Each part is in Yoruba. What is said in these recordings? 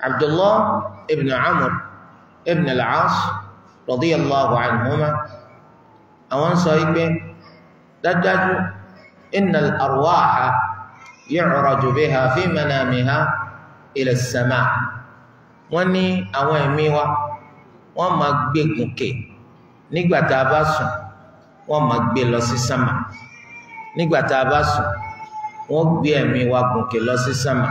abdullah ibn amr ibn al-as radiyallahu anhuma àwọn sọ wípé dájúdájú innal arwaha yu'raju biha fi manamiha ila as-sama wọ́n ní àwọn ẹ̀mí wa wọ́n máa gbé gòkè nígbà tá a bá sùn wọ́n máa gbé lọ sí sánmà nígbà tá a bá sùn wọ́n wa gòkè lọ sí sánmà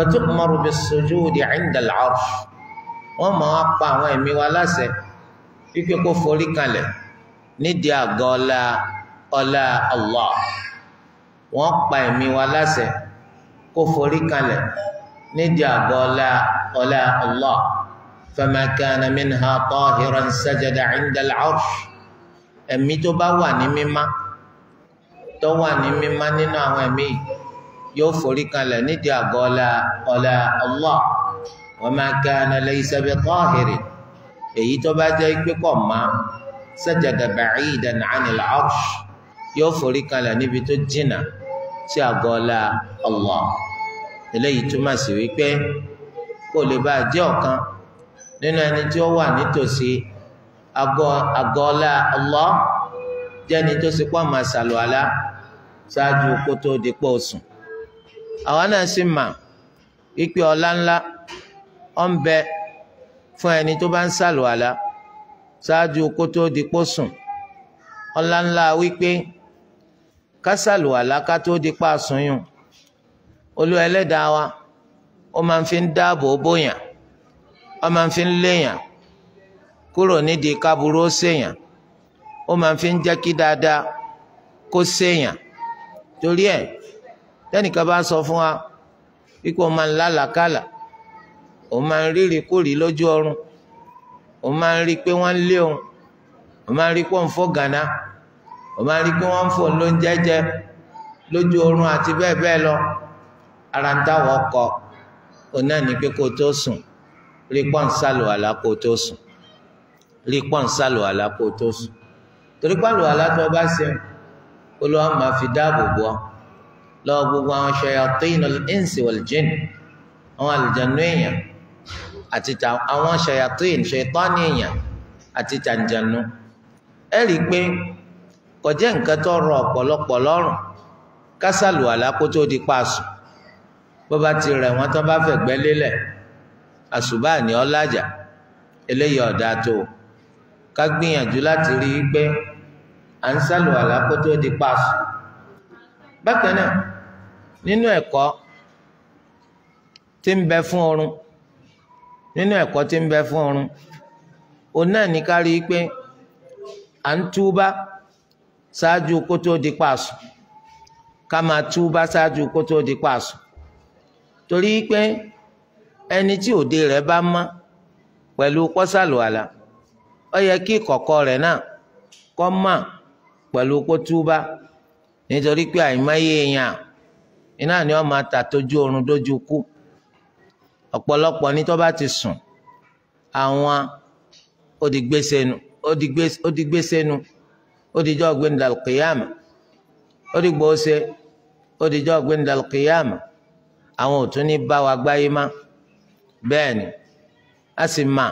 fatu'maru bis-sujudi 'inda al-'arsh wọ́n máa pa àwọn ẹ̀mí wa láṣẹ wípé kó forí kalẹ̀ nídìí àgọ́ ọlá ọlá Allah wọ́n pa ẹ̀mí wa láṣẹ kó forí kalẹ̀ nídìí àgọ́ ọlá ọlá Allah fama kana minha tahiran sajada 'inda al-'arsh tó bá wà ní mímá tó wà ní mímá nínú àwọn ẹ̀mí yìí yóò forí kalẹ̀ nídìí àgọ́ ọlá ọlá Allah wa ma kana laysa bi tahiri èyí tó bá jẹ́ pé kò má sajada ba'idan 'anil 'arsh yóò forí kalẹ̀ níbi tó jìnnà sí àgọ́ ọlá Allah eléyìí túmọ̀ sí wípé kó lè bá a jẹ́ ọ̀kan nínú ẹni tí ó wà nítòsí àgọ́ àgọ́ ọlá jẹ́ni tó sì pọ̀ máa ṣàlùwàlá ṣáájú kó tó sùn. àwa náà sì mà ikpe ọlá ńlá ó fún ẹni tó bá ń ṣàlùwàlá ṣáájú kó tó di sùn ọlá ńlá wípé ká ṣàlùwàlá ká tó di sùn yùn olú ẹlẹ́dàá wa ó máa fi ń dáàbò bóyàn ó máa fi ń léyàn kúrò nídìí ó máa fi ń jẹ́ tẹ́nìkan bá sọ fún wa wípé o máa ń lálàkàlà o máa ń rírì kórì lójú ọrùn o máa ń rí i pé wọ́n ń lé òun o máa ń rí i pé wọ́n ń fọ́ gànà o máa ń rí pé wọ́n ń fò ló ń jẹ́jẹ́ lójú oorun àti bẹ́ẹ̀ bẹ́ẹ̀ lọ ara ń táwọn ọkọ òun náà ní pé kó tó sùn rí pọ́n sálò àlá kó tó sùn rí pọ́n sálò àlá kó tó sùn torí pálò àlá tó bá ṣe olúwa máa fi dáàbò bò lọ́wọ́ gbogbo àwọn shayatinul insi wal jinn àwọn àlùjánu èèyàn àti àwọn shayatin shaytani èèyàn àti tàǹjànú ẹ rí i pé kò jẹ́ nǹkan tó rọ ọ̀pọ̀lọpọ̀ lọ́rùn kásàlù àlákótó di paṣù bó bá ti rẹ̀ wọ́n tán bá fẹ̀gbẹ́ lélẹ̀ àṣùbà ní ọ̀làjà eléyìí ọ̀dà tó ká gbìyànjú láti rí i pé à ń sàlù àlákótó di paṣù. bákan náà nínú ẹ̀kọ́ tí ń bẹ fún oorun nínú ẹ̀kọ́ tí ń bẹ fún òun náà ní ká rí i pé à ń túbá ṣáájú kó tó di pàṣù ká máa túbá ṣáájú kó tó di torí pé ẹni tí òde rẹ̀ bá pẹ̀lú ọ yẹ kí nítorí pé àìmọye èèyàn iná ni wọ́n máa tà tójú oorun dójú kú ọ̀pọ̀lọpọ̀ ní tó bá ti sùn àwọn odigbésenu odigbésenu odijọ́ gbẹndàlùkìyàmù odigbòóse odijọ́ gbẹndàlùkìyàmù àwọn òtún ní bá wa gbáyé má bẹ́ẹ̀ ni a sì mà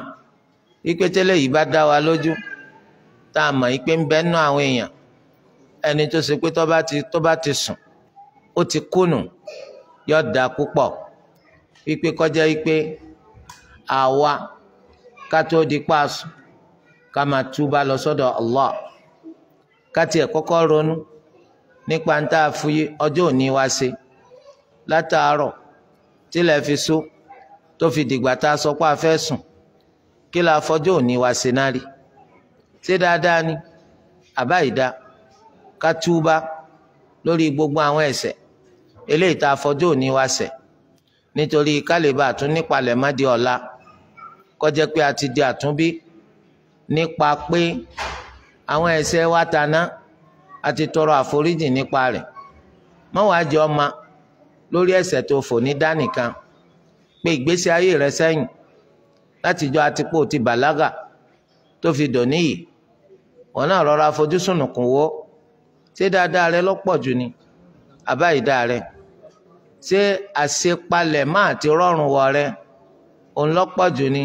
ìpẹ́tẹ́lẹ̀ yìí bá dá wa lójú tá a mọ̀ ìpè ń bẹ́ẹ̀ nú àwọn èèyàn ẹni tó ṣe pé tó bá ti tó bá ti sùn ó ti kùnù yóò da púpọ̀ wípé kọjá wípé àwa ká tó di paṣù ká máa túbà lọ sọ́dọ̀ Allah ká tiẹ̀ kọ́kọ́ ronú nípa ń tá a fi ọjọ́ òní wá ṣe látàárọ̀ tílẹ̀ fi sú tó fi dìgbà tá a sọ pé a fẹ́ sùn kí la fọjọ́ òní wá ṣe náà rí ṣé dáadáa ni àbá ìdá katuba túbá lórí gbogbo àwọn ẹ̀ṣẹ̀ eléyìí tá a fọjọ́ òní wá ṣẹ̀ nítorí ká lè bá àtún nípalẹ̀ má di ọ̀la kó jẹ́ pé a ti di àtúnbí nípa pé àwọn ẹ̀ṣẹ̀ wa taná a ti tọrọ àforíjì nípa rẹ̀ má wàá ọma lórí ẹ̀ṣẹ̀ tó fò ní dánìkan pé ìgbésí ayé rẹ sẹ́yìn látijọ́ àtipó ti bàlágà tó fi dòní yìí wọn náà rọra fojú sùnùkùn wò ṣé dáadáa rẹ lọ́pọ̀ jù ni àbá ìdá rẹ ṣé àṣepalẹ̀ máa ti rọrùn wọ rẹ òun lọ́pọ̀ jù ni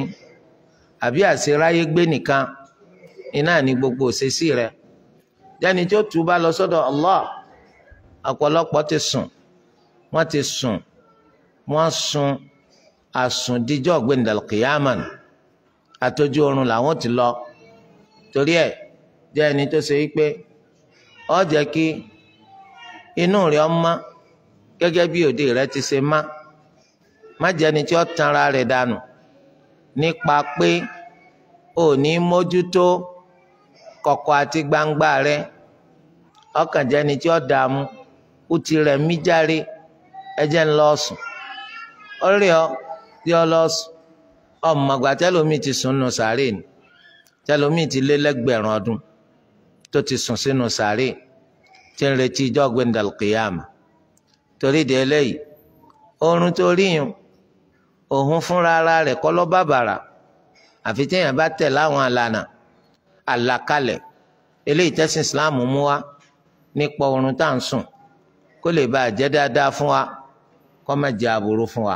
àbí àṣeráyé gbé nìkan iná ní gbogbo òṣèṣì rẹ jẹ́ni tí ó túbá lọ sọ́dọ̀ Allah ọ̀pọ̀lọpọ̀ ti sùn wọ́n ti sùn wọ́n sun àsùn díjọ́ gbẹ̀ndàlùkìyàmàn àtọ́jú oorun làwọn ti lọ torí ẹ̀ jẹ́ni tó ṣe wípé ó jẹ́ kí inú rẹ ọmọ gẹ́gẹ́ bí òde rẹ ti ṣe má má jẹni tí ó tanra rẹ dànù nípa pé ò ní mójútó kọ̀kọ̀ àti gbangba rẹ ọkàn jẹni tí ó dààmú ó ti rẹ̀ mí járe ẹjẹ ń lọ sùn ó rí ọ tí ọ lọ sùn ọmọ àgbà tẹlómi ti sùn nù sàárè ni tẹlómi ti lé lẹ́gbẹ̀rún ọdún tó ti sùn sínú sàárè tí ń retí ijọ́ gbẹ̀ndàl kìyàmà torí de eléyìí oorun tó ríyìn òun fúnra ara rẹ̀ kọ́ lọ́ bàbàrà àfi téèyàn bá tẹ̀ láwọn àlànà àlàkalẹ̀ eléyìí tẹ́sìn Islam mú wa nípa oorun tá à ń sùn kó lè bàa jẹ́ dáadáa fún wa kó má jẹ́ fún wa.